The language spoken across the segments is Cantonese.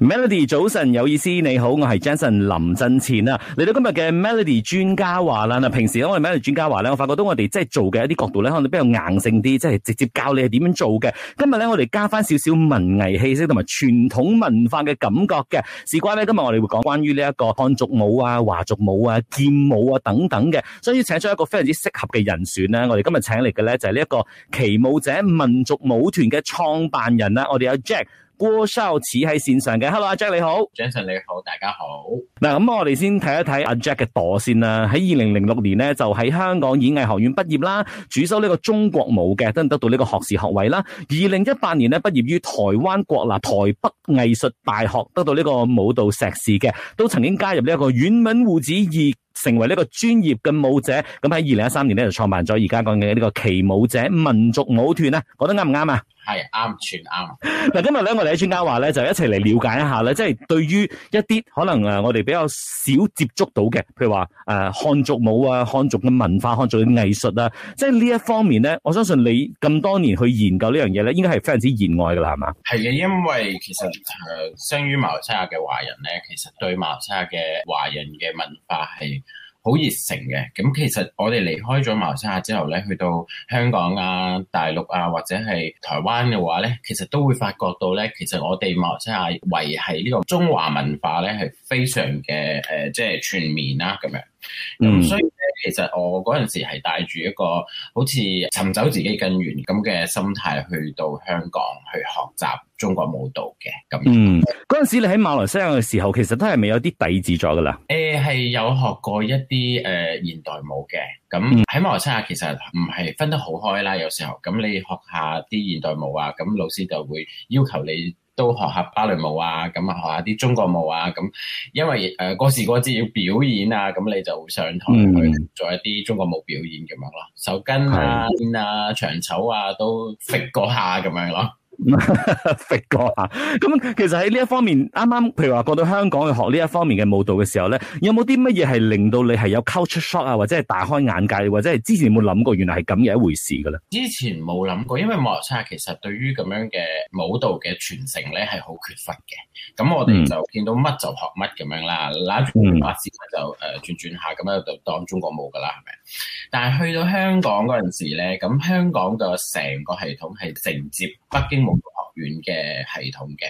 Melody 早晨有意思，你好，我係 Jensen 林振前啦。嚟到今日嘅 Melody 專家話啦，嗱，平時咧我哋 Melody 專家話咧，我發覺到我哋即係做嘅一啲角度咧，可能比較硬性啲，即係直接教你係點樣做嘅。今日咧我哋加翻少少文藝氣息同埋傳統文化嘅感覺嘅。事關咧今日我哋會講關於呢一個漢族舞啊、華族舞啊、劍舞啊等等嘅，所以請出一個非常之適合嘅人選咧。我哋今日請嚟嘅咧就係呢一個旗舞者民族舞團嘅創辦人啦。我哋有 Jack。郭少似喺線上嘅，Hello，阿 Jack 你好 Jason，你好，大家好。嗱，咁我哋先睇一睇阿 Jack 嘅惰先啦。喺二零零六年咧，就喺香港演藝學院畢業啦，主修呢個中國舞嘅，得得到呢個學士學位啦。二零一八年咧，畢業於臺灣國立台北藝術大學，得到呢個舞蹈碩士嘅，都曾經加入呢一個遠文護子而成為呢一個專業嘅舞者。咁喺二零一三年咧就創辦咗而家講嘅呢個奇舞者民族舞團啊，覺得啱唔啱啊？係啱，全啱。嗱， 今日咧，我哋喺專家話咧，就一齊嚟了解一下咧，即係對於一啲可能誒，我哋比較少接觸到嘅，譬如話誒、呃、漢族舞啊、漢族嘅文化、漢族嘅藝術啊，即係呢一方面咧，我相信你咁多年去研究呢樣嘢咧，應該係非常之熱愛㗎喇，係嘛？係嘅，因為其實誒生、呃、於馬來西亞嘅華人咧，其實對馬來西亞嘅華人嘅文化係，好熱誠嘅，咁其實我哋離開咗馬來西亞之後咧，去到香港啊、大陸啊或者係台灣嘅話咧，其實都會發覺到咧，其實我哋馬來西亞維係呢個中華文化咧係非常嘅誒，即係全面啦咁樣。咁所以咧，嗯嗯、其實我嗰陣時係帶住一個好似尋找自己根源咁嘅心態去到香港去學習中國舞蹈嘅。咁，嗯，嗰陣、嗯、時你喺馬來西亞嘅時候，其實都係咪有啲底子咗噶啦？誒、嗯，係有學過一啲誒、呃、現代舞嘅。咁、嗯、喺馬來西亞其實唔係分得好開啦。有時候咁你學一下啲現代舞啊，咁老師就會要求你。都學下芭蕾舞啊，咁、嗯、啊學一下啲中國舞啊，咁因為誒過、呃、時過節要表演啊，咁你就上台去做一啲中國舞表演咁樣咯，嗯、手巾啊、肩的啊、長袖啊都 fit 過下咁、啊、樣咯、啊。咁啊啊！咁 其實喺呢一方面，啱啱譬如話過到香港去學呢一方面嘅舞蹈嘅時候咧，有冇啲乜嘢係令到你係有 culture shock 啊，或者係大開眼界，或者係之前有冇諗過，原來係咁嘅一回事噶啦？之前冇諗過，因為馬來西亞其實對於咁樣嘅舞蹈嘅傳承咧係好缺乏嘅。咁我哋就見到乜就學乜咁樣啦，攞住白紙就誒轉轉下咁樣就當中國舞噶啦，係咪？但係去到香港嗰陣時咧，咁香港嘅成個系統係承接北京學院嘅系統嘅，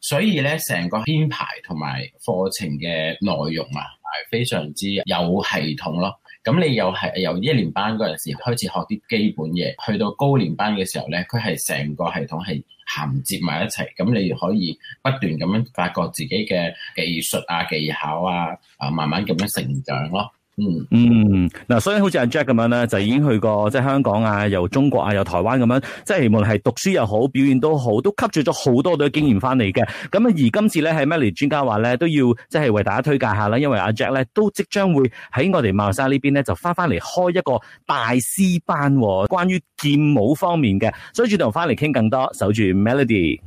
所以咧成個編排同埋課程嘅內容啊，係非常之有系統咯。咁你又係由一年班嗰陣時開始學啲基本嘢，去到高年班嘅時候咧，佢係成個系統係銜接埋一齊，咁你可以不斷咁樣發覺自己嘅技術啊、技巧啊，啊慢慢咁樣成長咯。嗯嗯，嗱、嗯，所以好似阿 Jack 咁樣啦，就已經去過即係、就是、香港啊，由中國啊，由台灣咁樣，即係無論係讀書又好，表現都好，都吸取咗好多對經驗翻嚟嘅。咁啊，而今次咧係 Melody 專家話咧，都要即係為大家推介下啦，因為阿 Jack 咧都即將會喺我哋茂山呢邊咧就翻翻嚟開一個大師班、哦，關於劍舞方面嘅。所以轉頭翻嚟傾更多，守住 Melody。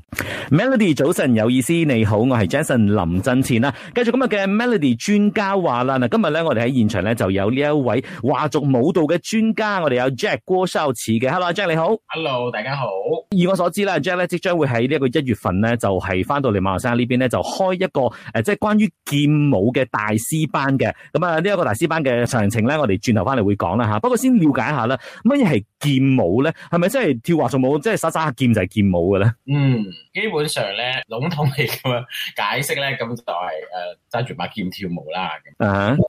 Melody 早晨有意思，你好，我係 Jason 林振前啦。繼續今日嘅 Melody 專家話啦，嗱，今日咧我哋喺現場。咧就有呢一位華族舞蹈嘅專家，我哋有 Jack 郭少慈嘅。Hello Jack 你好，Hello 大家好。以我所知啦，Jack 咧即將會喺呢一個一月份咧就係翻到嚟馬來西亞呢邊咧就開一個誒即係關於劍舞嘅大師班嘅。咁啊呢一個大師班嘅詳情咧，我哋轉頭翻嚟會講啦吓。不過先了解一下啦，乜嘢係劍舞咧？係咪即係跳華族舞？即係耍耍劍就係劍舞嘅咧？嗯。基本上咧，籠統嚟咁樣解釋咧，咁就係誒揸住把劍跳舞啦。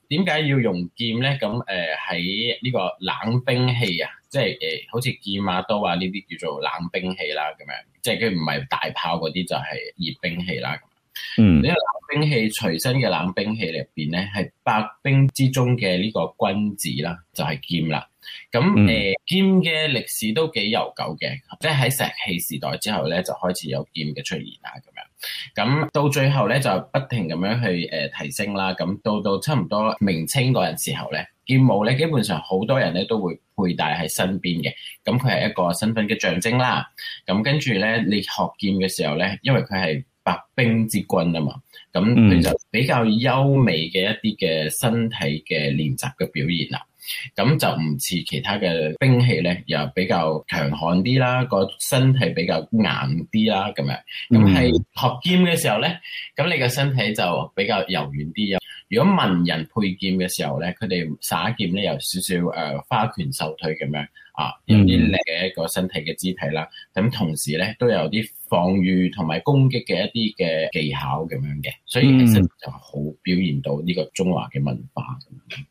點解、uh huh. 要用劍咧？咁誒喺呢個冷兵器、呃、啊，即係誒好似劍啊刀啊呢啲叫做冷兵器啦。咁樣即係佢唔係大炮嗰啲，就係、是、熱兵器啦。嗯、uh，呢、huh. 個冷兵器隨身嘅冷兵器入邊咧，係百兵之中嘅呢個君子啦，就係、是、劍啦。咁誒，劍嘅歷史都幾悠久嘅，即係喺石器時代之後咧，就開始有劍嘅出現啦，咁樣。咁到最後咧，就不停咁樣去誒、呃、提升啦。咁到到差唔多明清嗰陣時候咧，劍舞咧基本上好多人咧都會佩戴喺身邊嘅。咁佢係一個身份嘅象徵啦。咁跟住咧，你學劍嘅時候咧，因為佢係百兵之君啊嘛，咁就比較優美嘅一啲嘅身體嘅練習嘅表現啦。咁就唔似其他嘅兵器咧，又比較強悍啲啦，個身體比較硬啲啦，咁樣。咁係學劍嘅時候咧，咁你個身體就比較柔軟啲。如果文人配劍嘅時候咧，佢哋耍劍咧有少少誒、呃、花拳繡腿咁樣。啊，有啲力嘅一個身體嘅肢體啦，咁同時咧都有啲防禦同埋攻擊嘅一啲嘅技巧咁樣嘅，所以其實就好表現到呢個中華嘅文化。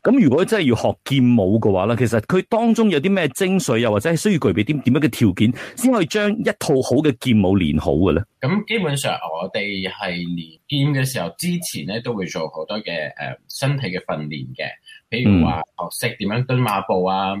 咁、嗯、如果真係要學劍舞嘅話咧，其實佢當中有啲咩精髓？又或者係需要具備啲點樣嘅條件，先可以將一套好嘅劍舞練好嘅咧？咁基本上我哋係練劍嘅時候，之前咧都會做好多嘅誒身體嘅訓練嘅，譬如話學識點樣蹲馬步啊。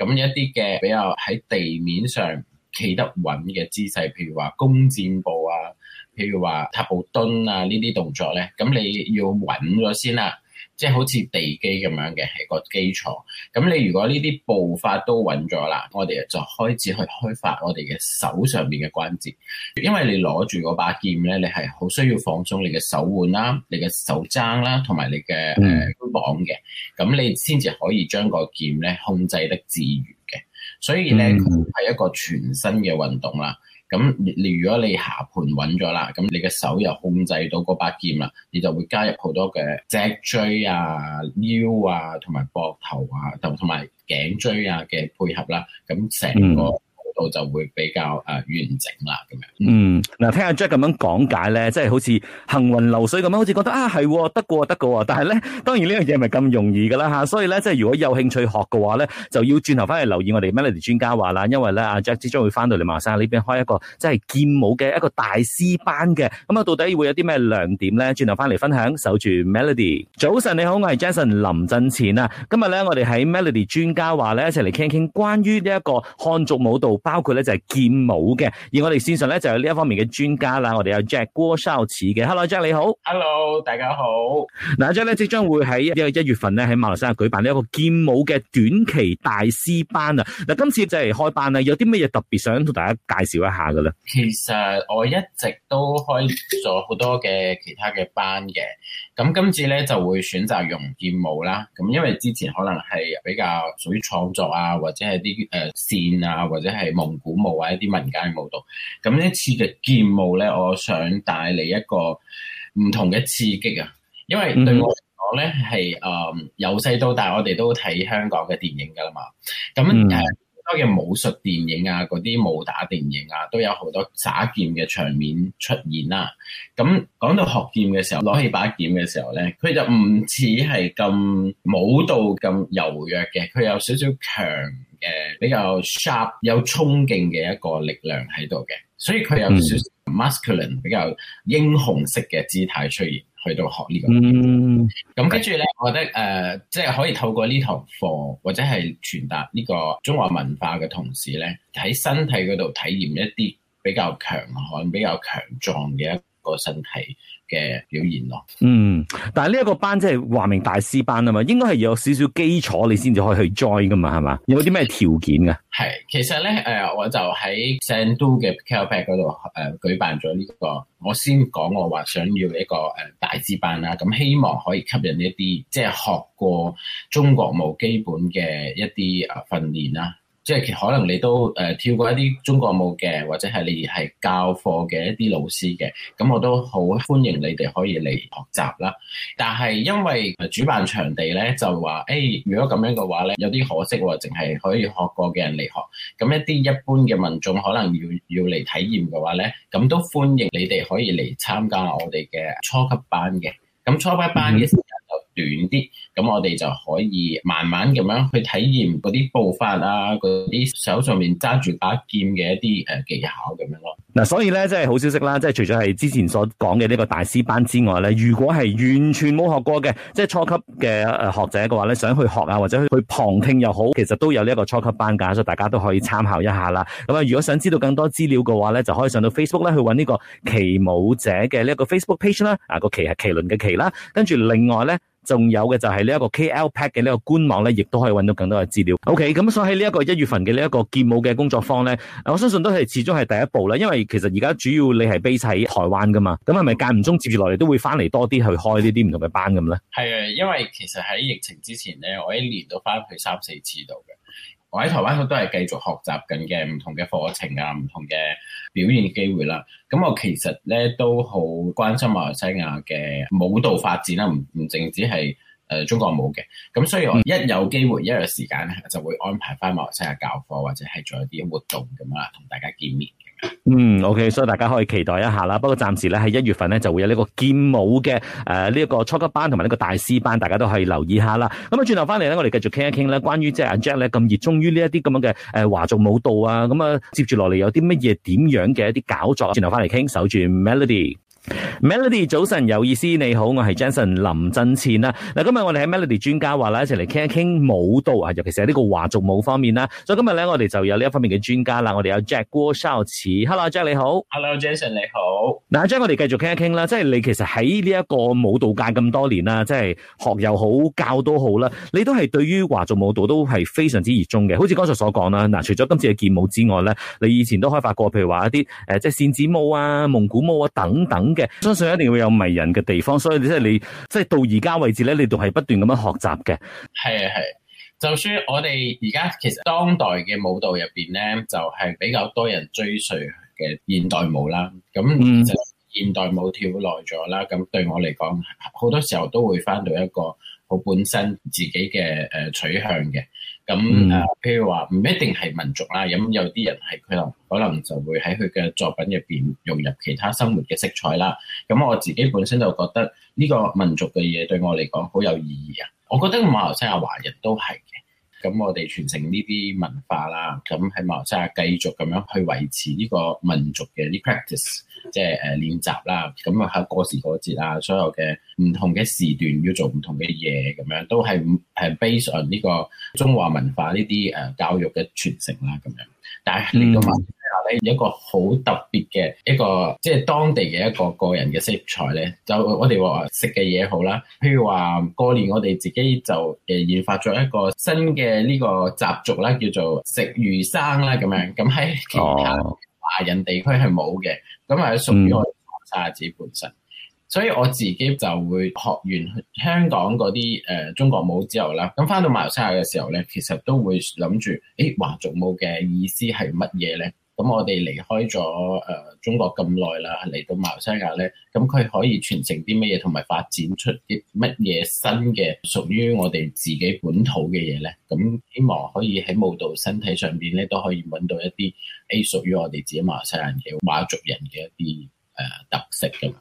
咁一啲嘅比較喺地面上企得穩嘅姿勢，譬如話弓箭步啊，譬如話踏步蹲啊，呢啲動作咧，咁你要穩咗先啦。即係好似地基咁樣嘅，係個基礎。咁你如果呢啲步法都穩咗啦，我哋就開始去開發我哋嘅手上邊嘅關節。因為你攞住嗰把劍咧，你係好需要放鬆你嘅手腕啦、你嘅手踭啦，同埋你嘅誒肩膀嘅。咁、呃、你先至可以將個劍咧控制得自如嘅。所以咧，佢係一個全新嘅運動啦。咁如果你下盤穩咗啦，咁你嘅手又控制到嗰把劍啦，你就會加入好多嘅脊椎啊、腰啊、同埋膊頭啊，同埋頸椎啊嘅配合啦，咁成個，嗯我就會比較誒完整啦，咁樣。嗯，嗱，聽阿 Jack 咁樣講解咧，即係好似行雲流水咁樣，好似覺得啊，係喎，得喎，得喎。但係咧，當然呢樣嘢唔係咁容易㗎啦嚇。所以咧，即係如果有興趣學嘅話咧，就要轉頭翻嚟留意我哋 Melody 專家話啦。因為咧，阿 Jack 之將會翻到嚟馬山呢邊開一個即係劍舞嘅一個大師班嘅。咁、嗯、啊，到底會有啲咩亮點咧？轉頭翻嚟分享，守住 Melody。早晨你好，我係 Jason 林振前啊。今日咧，我哋喺 Melody 專家話咧，一齊嚟傾傾關於呢一個漢族舞蹈。包括咧就係劍舞嘅，而我哋線上咧就有呢一方面嘅專家啦。我哋有 Jack 郭少慈嘅，Hello Jack，你好，Hello 大家好。嗱，阿 Jack 咧即將會喺一月份咧喺馬來西亞舉辦呢一個劍舞嘅短期大師班啊。嗱，今次就係開班啊，有啲乜嘢特別想同大家介紹一下嘅啦。其實我一直都開咗好多嘅其他嘅班嘅，咁今次咧就會選擇用劍舞啦。咁因為之前可能係比較屬於創作啊，或者係啲誒線啊，或者係。蒙古舞或者一啲民間舞蹈，咁呢次嘅劍舞咧，我想帶嚟一個唔同嘅刺激啊！因為對我嚟講咧，係誒由細到大，我哋都睇香港嘅電影㗎啦嘛，咁誒。嗯嘅武術電影啊，嗰啲武打電影啊，都有好多耍劍嘅場面出現啦，啊。咁講到學劍嘅時候，攞起把劍嘅時候咧，佢就唔似係咁武道咁柔弱嘅，佢有少少強嘅，比較 sharp 有衝勁嘅一個力量喺度嘅，所以佢有少少 masculine 比較英雄式嘅姿態出現。去到學呢個，嗯，咁跟住咧，我覺得誒、呃，即係可以透過呢堂課或者係傳達呢個中華文化嘅同時咧，喺身體嗰度體驗一啲比較強悍、比較強壯嘅一個身體嘅表現咯，嗯，但係呢一個班即係華明大師班啊嘛，應該係有少少基礎你先至可以去 join 噶嘛，係嘛？有冇啲咩條件噶？係，其實咧，誒、呃，我就喺成都嘅 Carpet 嗰度誒舉辦咗呢、這個，我先講我話想要一個誒、呃、大師班啦、啊，咁、呃、希望可以吸引一啲即係學過中國舞基本嘅一啲誒訓練啦、啊。即係可能你都誒、呃、跳過一啲中國舞嘅，或者係你係教課嘅一啲老師嘅，咁我都好歡迎你哋可以嚟學習啦。但係因為主辦場地咧，就話誒、欸，如果咁樣嘅話咧，有啲可惜喎，淨係可以學過嘅人嚟學。咁一啲一般嘅民眾可能要要嚟體驗嘅話咧，咁都歡迎你哋可以嚟參加我哋嘅初級班嘅。咁初級班嘅、嗯。短啲，咁我哋就可以慢慢咁樣去體驗嗰啲步法啊，嗰啲手上面揸住把劍嘅一啲誒技巧咁樣咯。嗱，所以咧，即係好消息啦，即係除咗係之前所講嘅呢個大師班之外咧，如果係完全冇學過嘅，即係初級嘅誒、呃、學者嘅話咧，想去學啊，或者去旁聽又好，其實都有呢一個初級班噶，所以大家都可以參考一下啦。咁、嗯、啊，如果想知道更多資料嘅話咧，就可以上到 Facebook 咧去搵呢個奇舞者嘅呢一個 Facebook page 啦。啊，個奇係麒麟嘅奇啦，跟住另外咧。仲有嘅就係呢一個 KL Pack 嘅呢個官網咧，亦都可以揾到更多嘅資料。OK，咁所以喺呢一個一月份嘅呢一個建武嘅工作坊咧，我相信都係始終係第一步啦。因為其實而家主要你係 base 喺台灣噶嘛，咁係咪間唔中接住落嚟都會翻嚟多啲去開呢啲唔同嘅班咁咧？係啊，因為其實喺疫情之前咧，我一年都翻去三四次度。我喺台灣都係繼續學習緊嘅唔同嘅課程啊，唔同嘅表現機會啦、啊。咁我其實咧都好關心馬來西亞嘅舞蹈發展啦、啊，唔唔淨止係誒中國舞嘅。咁所以我一有機會、一有時間咧，就會安排返馬來西亞教課或者係做一啲活動咁樣啦，同大家見面。嗯，OK，所以大家可以期待一下啦。不過暫時咧，喺一月份咧就會有呢個劍舞嘅，誒呢一個初級班同埋呢個大師班，大家都可以留意下啦。咁、嗯、啊，轉頭翻嚟咧，我哋繼續傾一傾咧，關於即係阿 Jack 咧，咁熱衷於呢一啲咁樣嘅誒華族舞蹈啊，咁、嗯、啊，接住落嚟有啲乜嘢點樣嘅一啲搞作？轉頭翻嚟傾，守住 Melody。Melody 早晨有意思，你好，我係 Jason 林振倩啦。嗱，今日我哋喺 Melody 專家話啦，一齊嚟傾一傾舞蹈啊，尤其是喺呢個華族舞方面啦。所以今日咧，我哋就有呢一方面嘅專家啦。我哋有 Jack 郭少慈，Hello Jack 你好，Hello Jason 你好。嗱，Jack 我哋繼續傾一傾啦。即係你其實喺呢一個舞蹈界咁多年啦，即係學又好教都好啦，你都係對於華族舞蹈都係非常之熱衷嘅。好似剛才所講啦，嗱，除咗今次嘅劍舞之外咧，你以前都開發過，譬如話一啲誒，即係扇子舞啊、蒙古舞啊等等。等等嘅，相信一定會有迷人嘅地方，所以即係你，即係到而家為止咧，你仲係不斷咁樣學習嘅。係啊，係，就算我哋而家其實當代嘅舞蹈入邊咧，就係比較多人追隨嘅現代舞啦。咁其實現代舞跳耐咗啦，咁對我嚟講，好多時候都會翻到一個好本身自己嘅誒取向嘅。咁誒，譬如話唔一定係民族啦，咁有啲人係佢又可能就會喺佢嘅作品入邊融入其他生活嘅色彩啦。咁我自己本身就覺得呢個民族嘅嘢對我嚟講好有意義啊。我覺得馬來西亞華人都係嘅。咁我哋傳承呢啲文化啦，咁喺馬來西亞繼續咁樣去維持呢個民族嘅啲 practice，即係誒、呃、練習啦，咁啊喺過時過節啊，所有嘅唔同嘅時段要做唔同嘅嘢，咁樣都係係 based on 呢個中華文化呢啲誒教育嘅傳承啦，咁樣。但係呢個問、嗯？一個好特別嘅一個即係當地嘅一個個人嘅色彩咧，就我哋話食嘅嘢好啦，譬如話過年我哋自己就誒研發咗一個新嘅呢個習俗啦，叫做食魚生啦咁樣，咁喺其他華人地區係冇嘅，咁係、oh. 屬於我哋馬來西亞自本身。Mm. 所以我自己就會學完香港嗰啲誒中國舞之後啦，咁翻到馬來西亞嘅時候咧，其實都會諗住，誒華族舞嘅意思係乜嘢咧？咁、嗯、我哋離開咗誒、呃、中國咁耐啦，嚟到馬來西亞咧，咁、嗯、佢可以傳承啲乜嘢，同埋發展出啲乜嘢新嘅屬於我哋自己本土嘅嘢咧？咁、嗯、希望可以喺舞蹈身體上邊咧都可以揾到一啲誒屬於我哋自己馬來西亞人嘅馬族人嘅一啲誒、呃、特色噶嘛。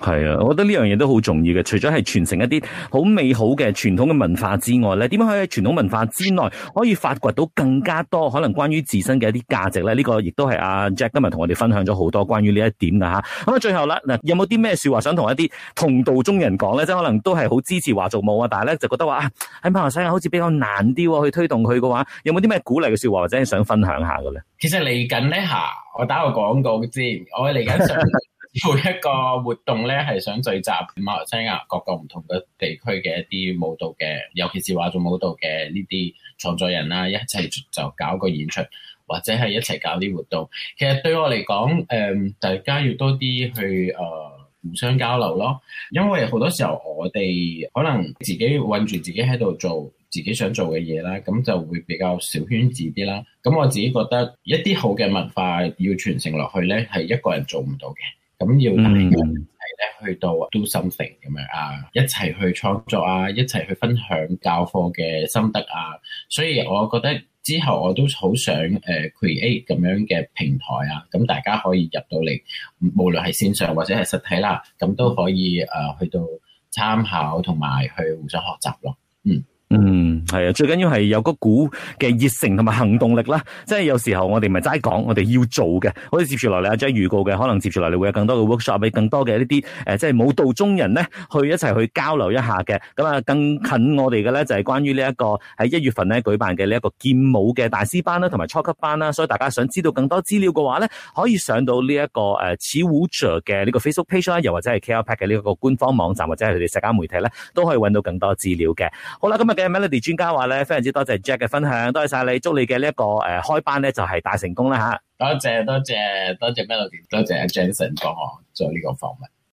係啊，我覺得呢樣嘢都好重要嘅。除咗係傳承一啲好美好嘅傳統嘅文化之外咧，點樣可以喺傳統文化之內可以發掘到更加多可能關於自身嘅一啲價值咧？呢、這個亦都係阿 Jack 今日同我哋分享咗好多關於呢一點嘅吓。咁啊，最後啦嗱、啊，有冇啲咩說話想同一啲同道中人講咧？即係可能都係好支持華族舞啊，但係咧就覺得話喺、啊、馬來西亞好似比較難啲去推動佢嘅話，有冇啲咩鼓勵嘅說話或者係想分享下嘅咧？其實嚟緊咧吓，我打個廣告先，我嚟緊上 每一個活動咧，係想聚集馬來西亞各個唔同嘅地區嘅一啲舞蹈嘅，尤其是話做舞蹈嘅呢啲創作人啦，一齊就搞個演出，或者係一齊搞啲活動。其實對我嚟講，誒、大家要多啲去誒、呃、互相交流咯，因為好多時候我哋可能自己困住自己喺度做自己想做嘅嘢啦，咁就會比較小圈子啲啦。咁我自己覺得一啲好嘅文化要傳承落去咧，係一個人做唔到嘅。咁、嗯、要大家一齊咧去到 do something 咁樣啊，一齊去創作啊，uh, 一齊去分享教課嘅心得啊，uh, 所以我覺得之後我都好想誒、uh, create 咁樣嘅平台啊，咁、uh, 大家可以入到嚟，無論係線上或者係實體啦，咁、uh, 都可以誒、uh, 去到參考同埋去互相學習咯，嗯、uh, um。係啊，最緊要係有嗰股嘅熱誠同埋行動力啦，即係有時候我哋唔係齋講，我哋要做嘅。好似接住落嚟，阿 Jack 預告嘅，可能接住落嚟你會有更多嘅 workshop，俾更多嘅呢啲誒，即係舞蹈中人咧，去一齊去交流一下嘅。咁啊，更近我哋嘅咧就係、是、關於呢一個喺一月份咧舉辦嘅呢一個劍舞嘅大師班啦、啊，同埋初級班啦、啊。所以大家想知道更多資料嘅話咧，可以上到呢、這、一個誒 Chiwujo 嘅呢個 Facebook page 啦，又或者係 KLP 嘅呢一個官方網站或者係佢哋社交媒體咧，都可以搵到更多資料嘅。好啦，今日嘅 Melody。專家話咧，非常之多謝 Jack 嘅分享，多謝晒你，祝你嘅呢一個誒開班咧就係大成功啦嚇！多謝多謝多謝 Melody，多謝阿 Jason 幫我做呢個訪問。